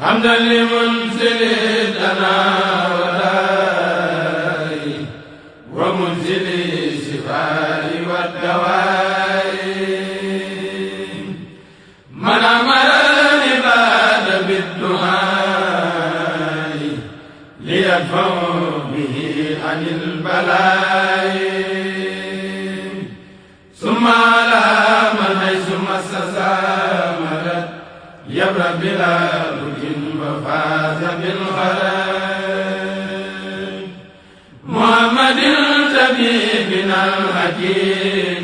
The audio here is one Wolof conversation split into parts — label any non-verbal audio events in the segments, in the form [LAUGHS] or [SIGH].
حمدا لمنزل لنا وداي ومنزل الشفاء والدواء من امر العباد بالدعاء ليدفعوا به عن البلاء ثم على من حيث مسس مدد يبرأ بلا amiin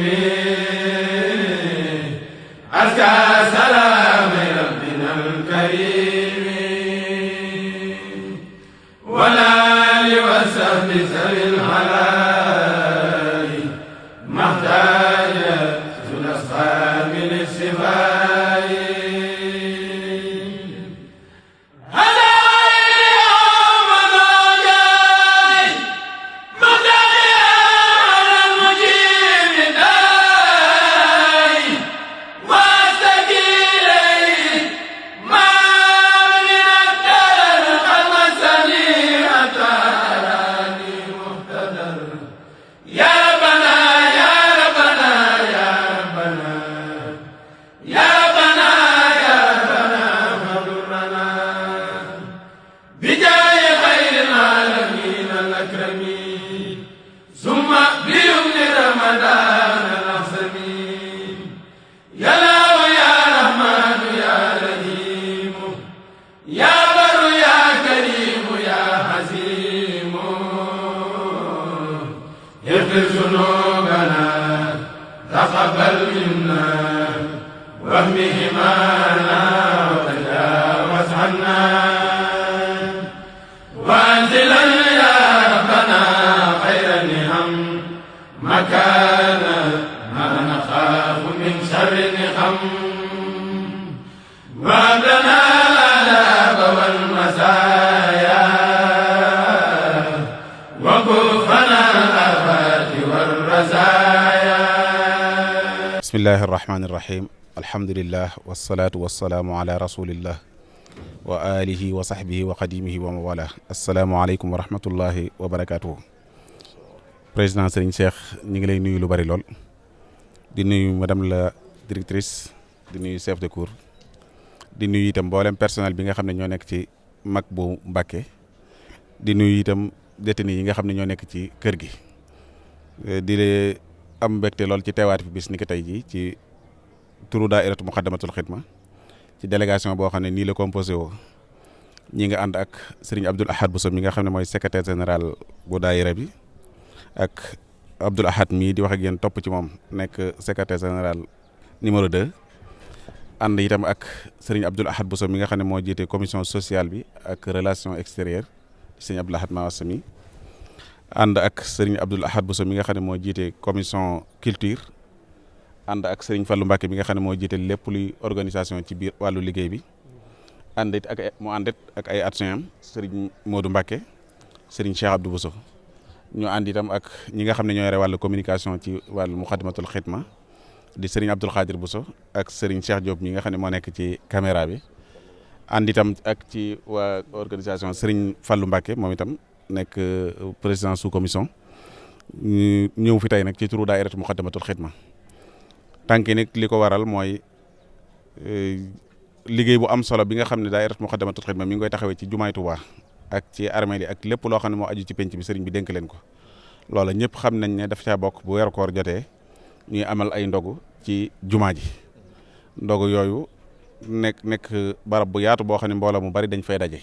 منا وهمهما لنا وتجاوز عنا bismillahi irrahmani irrahim alhamdulilah wasalaatu wasalaamu ala rasulillah wa alihi wa sahbihi wa qadimihi wa mawala asalaamualeykum wa rahmatullahi wa barakatuhu président Serigne Cheikh ñi ngi lay nuyu lu bari lool di nuyu madame la directrice di nuyu chef de cour di nuyu itam mboolem personnel bi nga xam ne ñoo nekk ci mag bu Mbàkke di nuyu itam détenu yi nga xam ne ñoo nekk ci kër gi di am mbégte lool ci teewaat fi bis ni ki tey jii ci turu daayiratu Muxaddamatul ma ci délégation boo xam ne nii la composé woo ñi nga ànd ak sëriñ Abdul Ahad Bousso mi nga xam ne mooy secrétaire général bu daayira bi ak Abdul Ahad mii di wax ak topp ci moom nekk secrétaire général numéro de ànd itam ak sëriñ Abdul Ahad Bousso mi nga xam ne moo jiite commission sociale bi ak relation extérieure sëriñ Abdul Ahad Maasami ànd ak sëriñ Abdoul Ahad Bousso mi nga xam ne moo jiite commission culture ànd ak sëriñ fallu Mbacke mi nga xam ne moo jiite lépp luy organisation ci biir wàllu liggéey bi ànd it ak mu ànd it ak ay adjoint am sëriñ Modou Mbacke sëriñ Cheikh Abdou Bousso ñu ànd itam ak ñi nga xam ne ñoo yore wàllu communication ci wàllu Muxaddamatul Xidma di sëriñ Abdoul Khadir buso ak sëriñ Cheikh Diop ñi nga xam ne moo nekk ci caméra bi ànd itam ak ci waa organisation sëriñ Fallou Mbacke moom itam. nekk euh, président sous commission ñëw fi tey nag ci turu daayiratu Muxaddamatul Xidma tànki nag li ko waral mooy euh, liggéey bu am solo bi nga xam ne daayiratu Muxaddamatul Xidma mi ngi koy taxawee ci jumaay Tuubaa ak ci armée ak lépp loo xam ne moo aju ci penc bi sëriñ bi dénk leen ko loola ñëpp xam nañ ne daf caa bokk bu weer koor jotee ñuy amal ay ndogu ci jumaa ji ndogu yooyu nekk nekk barabu yaatu boo xam ne mbooloo mu bari dañ fay daje.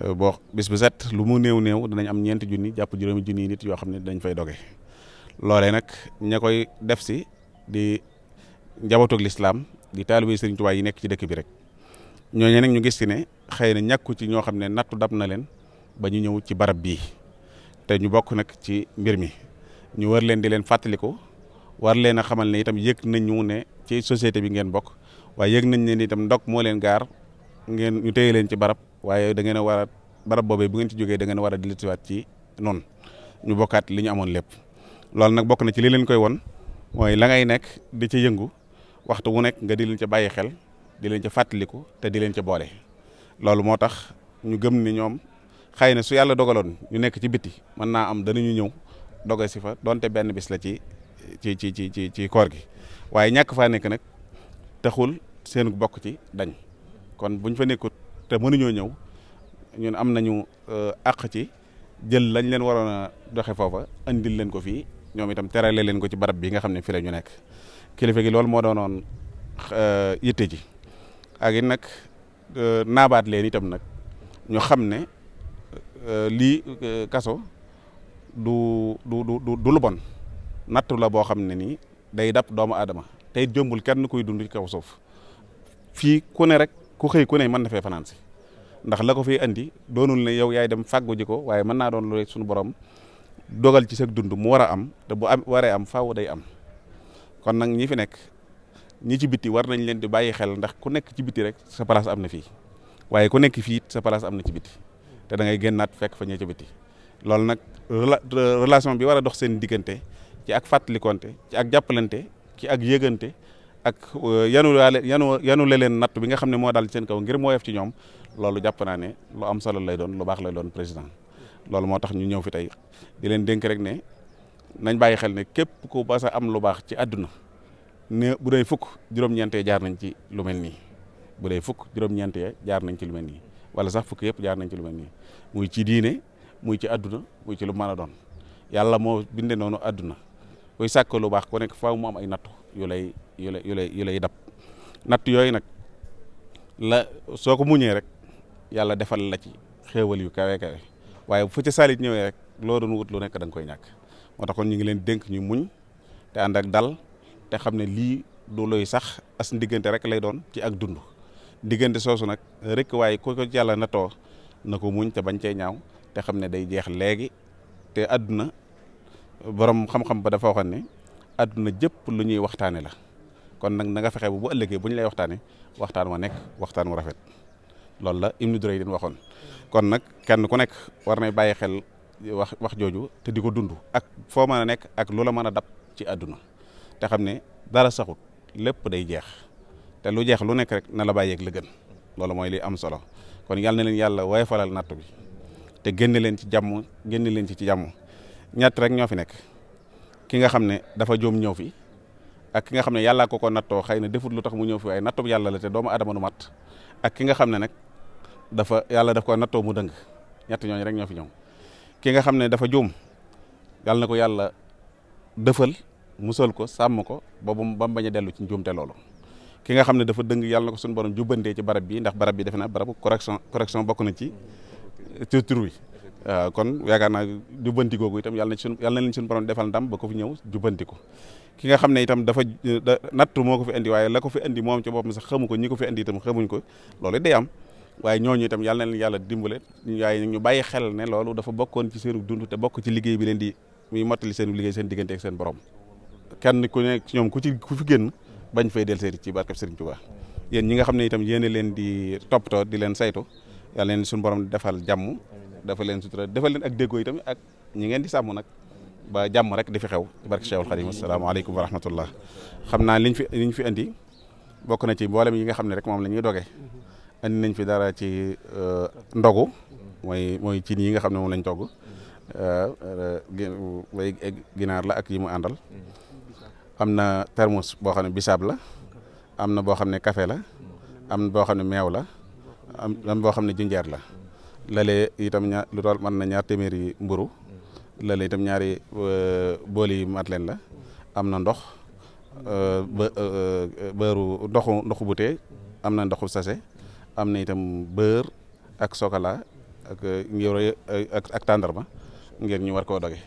Euh, boo bis bu set lu mu néew néew danañ am ñeenti junni jàpp juróomi junni nit yoo xam ne dañ fay doge loolee nag ña koy def si di njabootug lislaam di taalu Sëriñ Tuubaa yi nekk ci dëkk bi rek ñooñu nag ñu gis ci ne xëy na ñàkku ci ñoo xam ne nattu dab na leen ba ñu ñëw ci barab bi te ñu bokk nag ci mbir mi ñu war leen di leen fàttaliku war leen a xamal ne itam yëg nañu ne ci société bi ngeen bokk waaye yëg nañ ne itam ndog moo leen gaar ngeen ñu teye leen ci barab waaye da ngeen a war a barab boobee bu ngeen ci jógee da ngeen a war a ci noonu ñu bokkaat li ñu amoon lépp loolu nag bokk na ci li koy won mooy la ngay nekk di ca yëngu waxtu wu nekk nga di leen ca bàyyi xel di leen ca fàttaliku te di leen ca boole loolu moo tax ñu gëm ni ñoom xëy na su yàlla dogaloon ñu nekk ci biti mën naa am danañu ñëw doge si fa donte benn bis la ci ci ci ci ci ci koor gi waaye ñàkk faa nekk nag taxul seen bokk ci dañ kon buñ fa nekkut te mënuñoo ñëw ñun am nañu euh, àq ci jël lañ leen waroon doxe foofa andil leen ko fii ñoom itam terale leen ko ci barab bi nga xam ne fi la ñu nekk kilifa gi loolu moo doonoon euh, yitte ji ak it nag euh, naabaat leen itam nag ñu xam ne lii kaso du du du du nattu la boo xam ne nii day dab doomu aadama tey jëmbul kenn koy dund ci kaw suuf fii ku rek. ku xëy ku ne mën na fee fanaan si ndax la ko fiy andi doonul ne yow yaay dem fàggu ji ko waaye mën naa doon lu suñu borom dogal ci sa dund mu war a am te bu am waree am faaw day am kon nag ñi fi nekk ñi ci biti war nañ leen di bàyyi xel ndax ku nekk ci biti rek sa place am na fii waaye ku nekk fii sa place am na ci biti te da ngay génnaat fekk fa ñee ci biti loolu nag relation bi war a dox seen diggante ci ak fàttalikoonte ci ak jàppalante ci ak yëgante ak euh, yanu waale yanu yanu la leen natt bi nga xam ne moo daal seen kaw ngir moo yef ci ñoom loolu jàpp naa ne lu am solo lay doon lu baax lay doon président loolu moo tax ñu ñëw fi tey di leen dénk rek ne nañ bàyyi xel ne képp ku ba sa am lu baax ci àdduna ne bu dee fukk juróom jaar nañ ci lu mel nii bu dee fukk juróom jaar nañ ci lu mel nii wala sax fukk yëpp jaar nañ ci lu mel nii muy ci diine muy ci àdduna muy ci lu mën a doon yàlla moo binde noonu àdduna kuy sàkk lu baax ku nekk faaw mu am ay nattu yu lay yu lay yu lay yu lay dab natt yooyu nag la soo ko muñee rek yàlla defal la ci xewal yu kawe kawe waaye bu ca saalit ñëwee rek loo doon wut lu nekk da koy ñàkk moo tax kon ñu ngi leen dénk ñu muñ te ànd ak dal te xam ne lii du looy sax as ndiggante rek lay doon ci ak dund diggante soosu nag rek waaye ku ko yàlla natoo na ko muñ te bañ cee ñaaw te xam ne day jeex léegi te àdduna borom xam-xam ba dafa waxoon ne àdduna jëpp lu ñuy waxtaane la kon nag na nga fexe bu bu ëllëgee bu ñu lay waxtaane waxtaan wa nekk waxtaan wu rafet loolu la Ibnu Duraydin waxoon kon nag kenn ku nekk war na bàyyi xel wax wax jooju te di ko dund ak foo mën a nekk ak lu la mën a dab ci àdduna te xam ne dara saxut lépp day jeex te lu jeex lu nekk rek na la bàyyeeg la gën loolu mooy li am solo kon yàlla na leen yàlla waaye falal natt bi te génne leen ci jàmm génne leen ci ci jàmm ñett rek ñoo fi nekk ki nga xam ne dafa joom ñëw fi ak ki nga xam ne yàllaa ko ko nattoo xay na defut lu tax mu ñëw fi waaye nattob yàlla la te doomu adama nu mat ak ki nga xam ne nag dafa yàlla daf ko mu dëng ñett ñooñu rek ñoo fi ñëw ki nga xam ne dafa joom yàlla na ko yàlla dëfal musal ko sàmm ko ba mu ba mu bañ a dellu ci te loolu ki nga xam ne dafa dëng yàlla ko suñu borom jubbantee ci barab bi ndax barab bi defe naa barabu correction correction bokk na ci tur bi Euh, kon yaakaar naa jubbanti googu itam yàlla na suñu yàlla na leen suñu borom defal ndam ba ko fi ñëw jubbanti ko ki nga xam ne itam dafa nattu moo ko fi indi waaye la ko fi indi moom ci boppam sax xamu ko ñi ko fi indi itam xamuñ ko loolu day am waaye ñooñu itam yàlla na leen yàlla dimbale waaye ñu bàyyi xel ne loolu dafa bokkoon ci seenu dund te bokk ci liggéey bi leen di muy mottali seen liggéey seen diggante seen borom kenn ku ne ñoom ku ci ku fi génn bañ fay del seeti ci barkab Serigne Touba yéen ñi nga xam ne itam yéen leen di toppatoo di leen saytu yàlla leen suñu borom defal jàmm dafa leen sutura defal leen ak déggoo ak ñi ngeen di sàmm nag ba jàmm rek di xew ci barke Cheikhul Khadim asalaamaaleykum wa xam naa liñ fi liñ fi indi bokk na ci mboolem yi nga xam ne rek moom la ñuy doge nañ fi dara ci euh, ndogu mooy mooy cin nga xam ne moom lañ togg way euh, euh, ginaar la ak yimu mu àndal am na termos boo xam ne bisaab la am na boo xam ne kafe la am boo xam ne meew la am boo xam ne jinjeer la lalee itam ñaar lu na ñaar téeméeri mburu lalee itam ñaari euh, bool yi mat leen la am na ndox euh, ba euh, beurre ndoxu ndoxu butee am na ndoxu sase am na itam beurre ak sokola ak ngir ak ak tàndarma ngir ñu war koo doge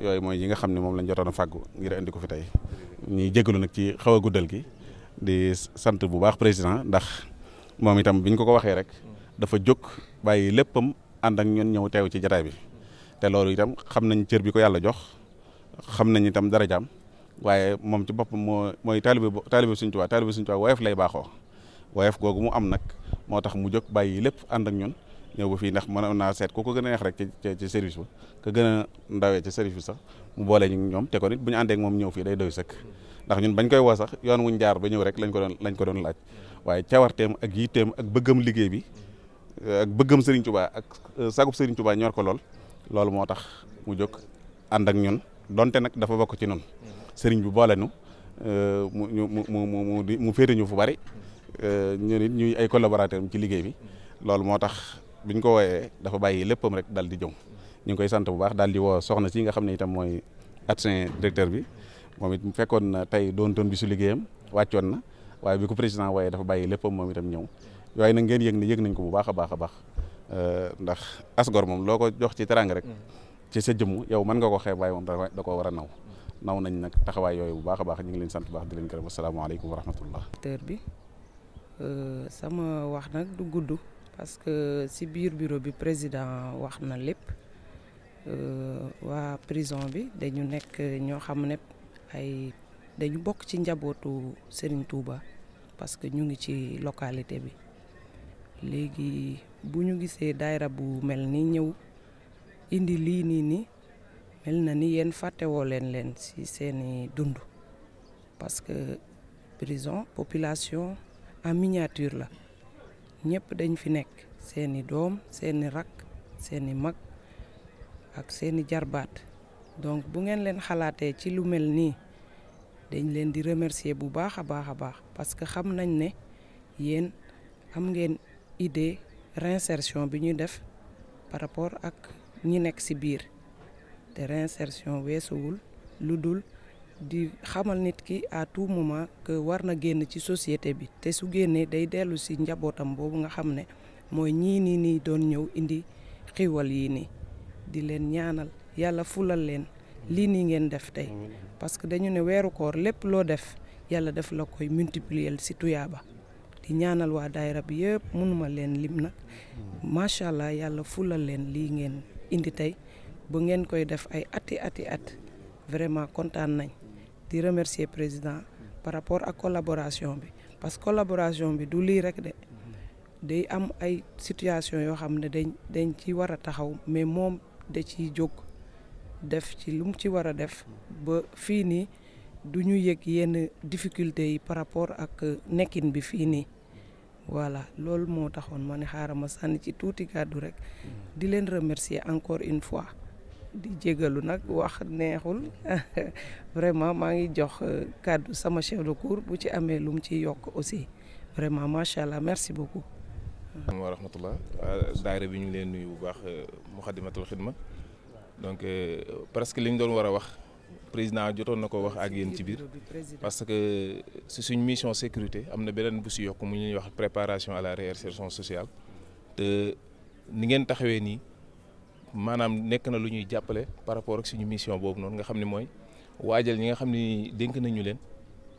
yooyu mooy yi nga xam ne moom lañ jotoon na fàggu ngir indi ko fi tey ñuy jégalu nag ci xaw a guddal gi di sant bu baax président ndax moom itam biñ ko ko waxee rek dafa jóg. bàyyi léppam ànd ak ñun ñëw teew ci jataay bi te loolu itam xam nañ cër bi ko yàlla jox xam nañ itam dara darajaam waaye moom ci boppam moo mooy taalibe taalibe Sëriñ Tuubaa taalibe Sëriñ Tuubaa woyof lay baaxoo woyof googu mu am nag moo tax mu jóg bàyyi lépp ànd ak ñun ñëw ba fii ndax mën naa seet ku ko gën a neex rek ci ci service ba ka gën mu boole ñu ñoom te ko nit moom ñëw fii day doy sëkk ndax ñun bañ koy woo sax yoon wuñ jaar ba ñëw rek lañ ko doon lañ ko doon laaj waaye cawarteem ak yitteem ak bëggam liggéey bi ak bëggam sëriñ Touba ak euh, sagub Serigne Touba ñor ko lool loolu moo tax mu jóg ànd ak ñun donte nag dafa bokk ci noonu sëriñ bi boole nu euh, mu mu mu mu mu féete ñu fu bari euh, ñu nit ñuy ay collaborateur ci liggéey bi loolu moo tax biñ ko wooyee dafa bàyyi léppam rek daal di jëw ñu ngi koy sant bu baax daal di woo soxna si nga xam ne itam mooy adjoint directeur bi moom it mu fekkoon na tey doon toon bi su liggéeyam wàccoon na waaye bi ko président wooyee dafa bàyyi léppam moom itam ñëw yooyu nag ngeen yëg ne yëg nañ ko bu baax a baax a baax euh, ndax asgor moom loo ko jox ci teranga rek ci sa jëmm yow mën nga ko xeeb waaye moom da ko war a naw naw nañ nag taxawaay yooyu bu baax a baax ñu ngi leen sant baax di leen gërëm asalaamaaleykum wa rahmatullah teer bi euh, sama wax nag du gudd parce que si biir bureau bi président wax na lépp euh, waa prison bi dañu nekk ñoo xam ne ay dañu bokk ci njabootu Serigne Touba parce que ñu ngi ci localité bi léegi bu ñu gisee daayira bu mel ni ñëw indi lii nii ni mel na ni yéen fàttewoo leen leen ci seeni dund parce que prison population en miniature la ñëpp dañ fi nekk seeni doom seeni rakk seeni mag ak seeni jarbaat donc bu ngeen leen xalaatee ci lu mel nii dañ leen di remercier bu baax a baax a baax parce que xam nañ ne yéen am ngeen idée réinsertion bi ñuy def par rapport ak ñi nekk ci biir te réinsertion weesuwul lu dul di xamal nit ki à tout moment que war na génn ci société bi te su génnee day dellu si njabootam boobu nga xam ne mooy ñii nii nii doon ñëw indi xiwal yii nii di leen ñaanal yàlla fulal leen lii nii ngeen def tey parce que dañu ne weeru koor lépp loo def yàlla def la koy multiplier ci tuyaaba di ñaanal waa daayira bi yëpp mënuma leen lim nag macha allah yàlla fulal leen lii ngeen indi tey ba ngeen koy def ay ati ati at vraiment kontaan nañ di remercier président par rapport ak collaboration bi parce que collaboration bi du lii rek de day am ay situation yoo xam ne dañ dañ ci war a taxaw mais moom da ciy jóg def ci lu mu ci war a def ba fii nii du ñu yëg yenn difficulté yi par rapport ak nekkin bi fii nii voilà loolu moo taxoon ma ne xaaral ma sànni ci tuuti kàddu rek di leen remercier encore une fois di jégalu nag wax neexul [LAUGHS] vraiment maa ngi jox euh, kàddu sama chef de cour bu ci amee lu mu ci yokk aussi vraiment macha allah merci beaucoup. wa rahmatullah euh, daayira bi ñu ngi leen nuyu bu baax euh, Muxaddamatul Xidma donc presque li ñu doon war a wax. président jotoon na ko wax ak yéen ci biir parce que si suñ mission sécurité am na beneen bu si yokk mu ñuy wax préparation à la réinsertion sociale te ni ngeen taxawee nii maanaam nekk na lu ñuy jàppale par rapport ak suñu mission boobu noonu nga xam ne mooy waajal ñi nga xam ni dénk nañu leen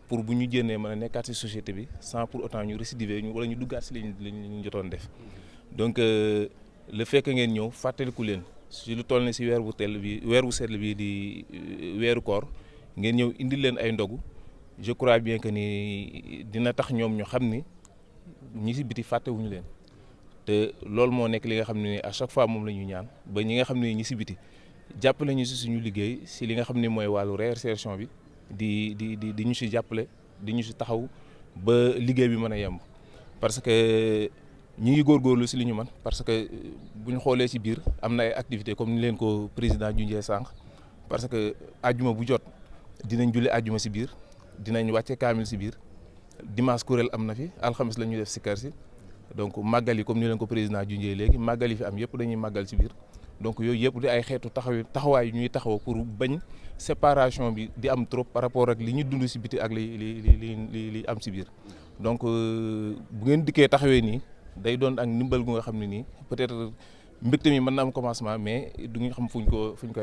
pour bu ñu jénnee mën a nekkaati si société bi sans pour autant ñu récidiver ñu wala ñu duggaat si liñ liñ jotoon def donc euh, le fekk ngeen ñëw fàttaliku leen si lu toll ni si weer wu tell bi weer wu sell bii di eh, weeru koor ngeen ñëw indi leen ay ndogu je crois bien que ni dina tax ñoom ñu xam ni ñi si biti fàttewuñu leen te loolu moo nekk li nga xam ne à chaque fois moom la ñuy ñaan ba ñi nga xam ne ñi si biti jàppale ñu si suñu liggéey si li nga xam ne mooy wàllu réinsertion bi di di di di ñu si jàppale di ñu si taxaw ba liggéey bi mën a yemb ñu ngi góor góorlu si lu ñu mën parce que euh, bu ñu xoolee si biir am na ay activité comme ni leen ko président junjee sànq parce que ajuma bu jot dinañ julee ajuma si biir dina dinañ wàcce kaamil si biir dimanche kuréel am na fi alxamis la ñuy def si kër si donc màggal yi comme ni leen ko président junjee léegi màggal yi fi am yëpp dañuy màggal si biir donc yooyu yëpp di ay xeetu taxaw taxawaay yu ñuy taxaw pour bañ séparation bi di am trop par rapport ak li ñu dund si biti ak li li li li li am si biir donc euh, bu ngeen dikkee taxawee nii. day doon ak ndimbal gu nga xam ne nii peut-être mbégte mi mën na am commencement mais du ñu xam fu ñu ko fu ñu ko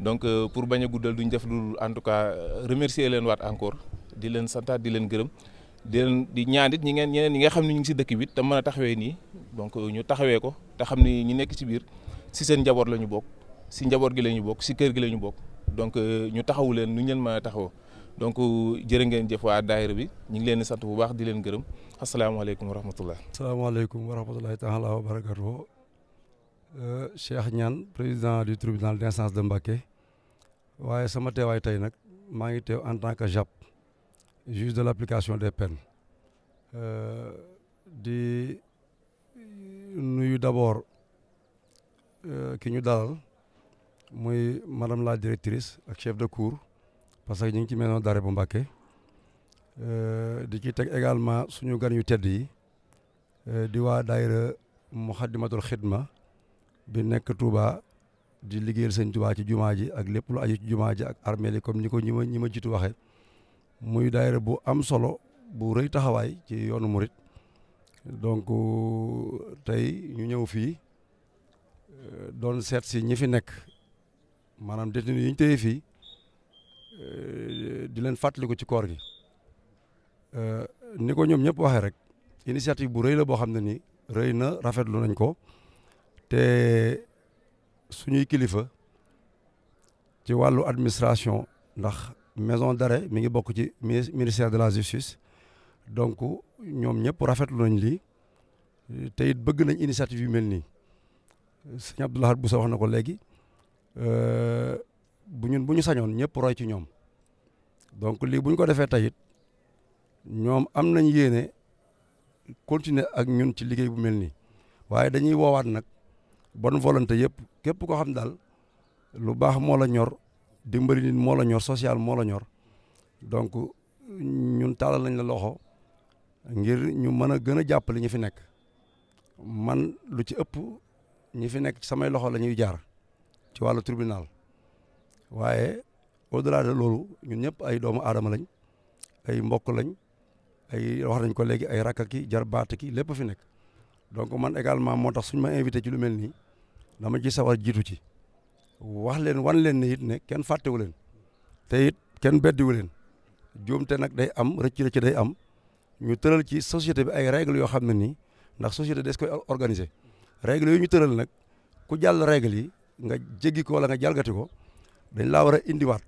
donc euh, pour bañ a guddal duñ def lu en tout cas euh, remercier leen waat encore di leen santaat di leen gërëm di leen di ñaan ñi ngeen ñeneen ñi nga xam ne ñu ngi si dëkk bi te mën a taxawee nii donc euh, ñu taxawee ko te xam ni ñu nekk si biir si seen njaboot la ñu bokk si njaboot gi la ñu bokk si kër gi la ñu bokk donc ñu taxawu leen lu ñu leen mën a taxawoo donc jërë ngeen jëf waa daayira bi ñu ngi leen di sant bu baax di leen gërëm asalaamaaleykum wa rahmatullah. asalaamaaleykum wa rahmatulahi taala wa barakatuh euh, Cheikh Niane président du tribunal d'instance de mbake waaye sama teewaay tey nag maa ngi teew en tant que JAP juge de l'application des peines euh, di nuyu d'abord euh, ki ñu dalal muy madame la directrice ak chef de cour. parce que ñu ngi ci maison d'arrêt bu Mbacké euh, di ci teg également suñu gan yu tedd yi euh, di waa daayira Muxaddamatul Xidma bi nekk Touba di liggéeyal sëñ Touba ci jumaa ji ak lépp lu aju ci jumaa ji ak armée li comme ni ko ñi ma ñi ma jiitu waxee muy daayira bu am solo bu rëy taxawaay ci yoonu murit donc euh, tey ñu ñëw fii doon seet si ñi fi nekk maanaam détenu yi ñu téye fii Euh, di leen fàttaliku ci koor gi euh, ni ko ñoom ñëpp waxee rek initiative bu rëy la boo xam ne nii rëy na rafetlu nañ ko te suñuy kilifa ci wàllu administration ndax maison d'arrêt mi ngi bokk ci ministère de la justice donc ñoom ñëpp rafetlu nañ lii te it bëgg nañ initiative yu mel nii sëñ Abdoulahat bu sa wax na ko léegi. Euh, bu ñun bu ñu sañoon ñëpp roy ci ñoom donc lii buñ ko defee tayit ñoom am nañ yéene continuer ak ñun ci liggéey bu mel nii waaye dañuy woowaat nag bon volante yëpp képp koo xam daal lu baax moo la ñor dimbali moo la ñor social moo la ñor donc ñun tàllal nañ la loxo ngir ñu mën a gën a jàppale ñi fi nekk man lu ci ëpp ñu fi nekk ci samay loxo la ñuy jaar ci wàllu tribunal waaye au delà de loolu ñun ñëpp ay doomu aadama lañ ay mbokk lañ ay wax nañ ko léegi ay rakk ki jarbaat ki lépp fi nekk donc man également moo tax suñ ma invité ci lu mel nii ma ci sawar jiitu ci wax leen wan leen ne it ne kenn fàttewu leen te it kenn beddiwu leen juumte nag day am rëcc rëcc day am ñu tëral ci société bi ay règles yoo xam ne nii ndax société des koy organiser règles yooyu ñu tëral nag ku jàll règles yi nga jéggi ko wala nga jalgati ko dañ laa war a indiwaat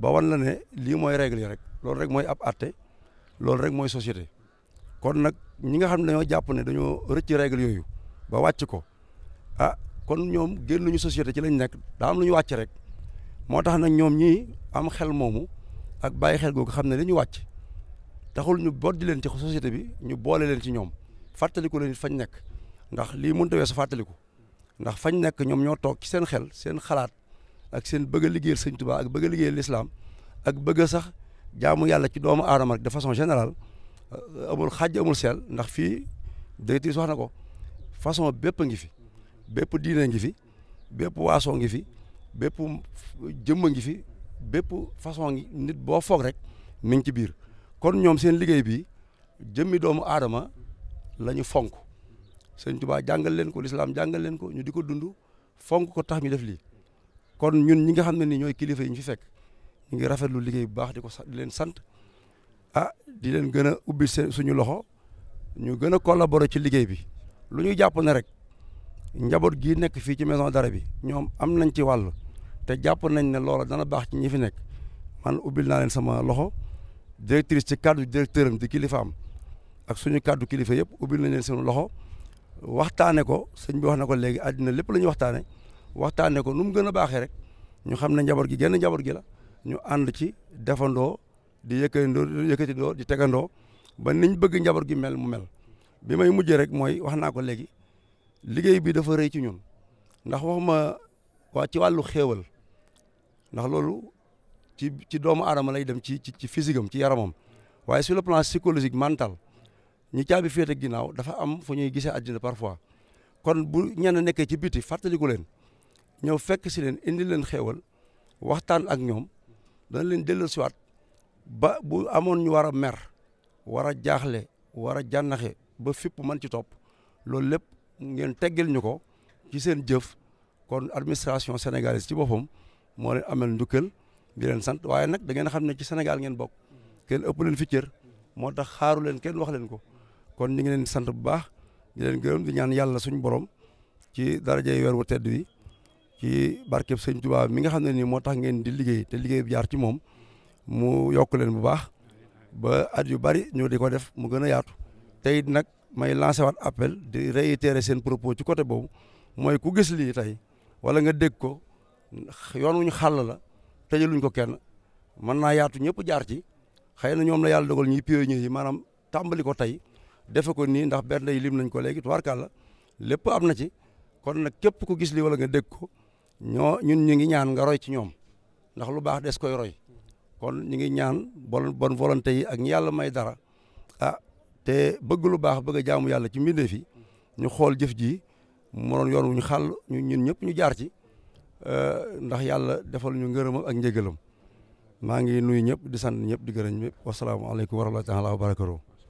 ba wan la ne lii mooy règle yi rek loolu rek mooy ab atte loolu rek mooy société kon nag ñi nga xam ne dañoo jàpp ne dañoo rëcc règle yooyu ba wàcc ko ah kon ñoom génnuñu société ci lañu nekk daa am lu ñu wàcc rek moo tax nag ñoom ñii am xel moomu ak bàyyi xel googu xam ne li ñu wàcc taxul ñu boddi leen ci société bi ñu boole leen ci ñoom fàttaliku leen fañ nekk ndax lii mënut a weesu fàttaliku ndax fañ nekk ñoom ñoo toog ci seen xel seen xalaat ak seen bëgg liggéey liggéeyal sëñ Tuubaa ak bëgg a liggéeyal lislaam ak bëgg a sax jaamu yàlla ci doomu aadama rek de façon générale euh, amul xaaj amul seel ndax fii directrice wax na ko façon bépp ngi fi bépp diine ngi fi bépp waaso ngi fi bépp jëmm ngi fi bépp façon ngi nit boo foog rek mi ngi ci biir kon ñoom seen liggéey bi jëmmi doomu aadama lañu fonk sëñ Tuubaa jàngal leen ko lislaam jàngal leen ko ñu di ko dund fonk ko tax ñu def lii kon ñun ñi nga xam ne ni ñooy kilifa yi ñu fi fekk ñu ngi rafetlu liggéey bu baax di ko di leen sant a ah, di leen gën a ubbi seen suñu loxo ñu gën a collaborer ci liggéey bi lu ñu jàpp ne rek njaboot gii nekk fii ci meson d'arrêt bi ñoom am nañ ci wàll te jàpp nañ ne loola dana baax ci ñi fi nekk man ubbil naa leen sama loxo directrice ci cadre directeur am di kilifa am ak suñu cadre kilifa yëpp ubbil nañ leen seen loxo waxtaane ko sëñ bi wax na ko léegi àddina lépp la ñuy waxtaane waxtaanee ko nu mu gën a baaxee rek ñu xam ne njaboot gi genn njaboot gi la ñu ànd ci defandoo di yëkkandoo yëkkatindoo di tegandoo ba niñ bëgg njaboot gi mel mu mel bi may mujjee rek mooy wax naa ko léegi liggéey bi dafa rëy ci ñun ndax waxuma waa ci wàllu xéewal ndax loolu ci ci doomu aadama lay dem ci ci physique am ci yaramam waaye sur le plan psychologique mental ñi caabi féete ginnaaw dafa am fu ñuy gisee àddina parfois kon bu ñenn nekkee ci biti fàttaliku leen ñëw fekk si leen indi leen xéewal waxtaan ak ñoom dana leen dellusiwaat ba bu amoon ñu war a mer war a jaaxle war a jànnaxe ba fipp mën ci topp loolu lépp ngeen teggil ñu ko ci seen jëf kon administration sénégalaise ci boppam moo leen amel ndukkal di leen sant waaye nag dangeen ngeen xam ne ci Sénégal ngeen bokk kenn ëpp fi cër moo tax xaaru leen kenn wax leen ko kon ñu ngi leen sant bu baax di leen gërëm di ñaan yàlla suñu borom ci darajay weer wu tedd ci barkeb sëñ Tuubaa mi nga xam ne nii moo tax ngeen di liggéey te liggéey bi jaar ci moom mu yokk leen bu baax ba at yu bari ñu di ko def mu gën a yaatu tey nag may lancé waat appel di réitérer seen propos ci côté boobu mooy ku gis lii tey wala nga dégg ko yoon wu ñu xàll la tëjaluñ ko kenn mën naa yaatu ñëpp jaar ci xëy na ñoom la yàlla dogal ñuy pionniers yi maanaam tàmbali ko tey defe ko nii ndax benn yi lim nañ ko léegi tubaarkàlla lépp am na ci kon nag képp ku gis lii wala nga dégg ko ñoo ñun ñu ngi ñaan nga roy ci ñoom ndax lu baax des koy roy kon ñu ngi ñaan bon bonne volonté yi ak ñi yàlla may dara a ah, te bëgg lu baax bëgg a jaamu yàlla ci mbindeef yi ñu xool jëf ji mu doon yoon wu ñu xàll ñu ñun ñëpp ñu jaar ci euh, ndax yàlla defal ñu ngërëm ak njëgalam maa ngi nuyu ñëpp di sant ñëpp di gërëm ñëpp wasalaamaaleykum wa rahmatulah wa barakatuh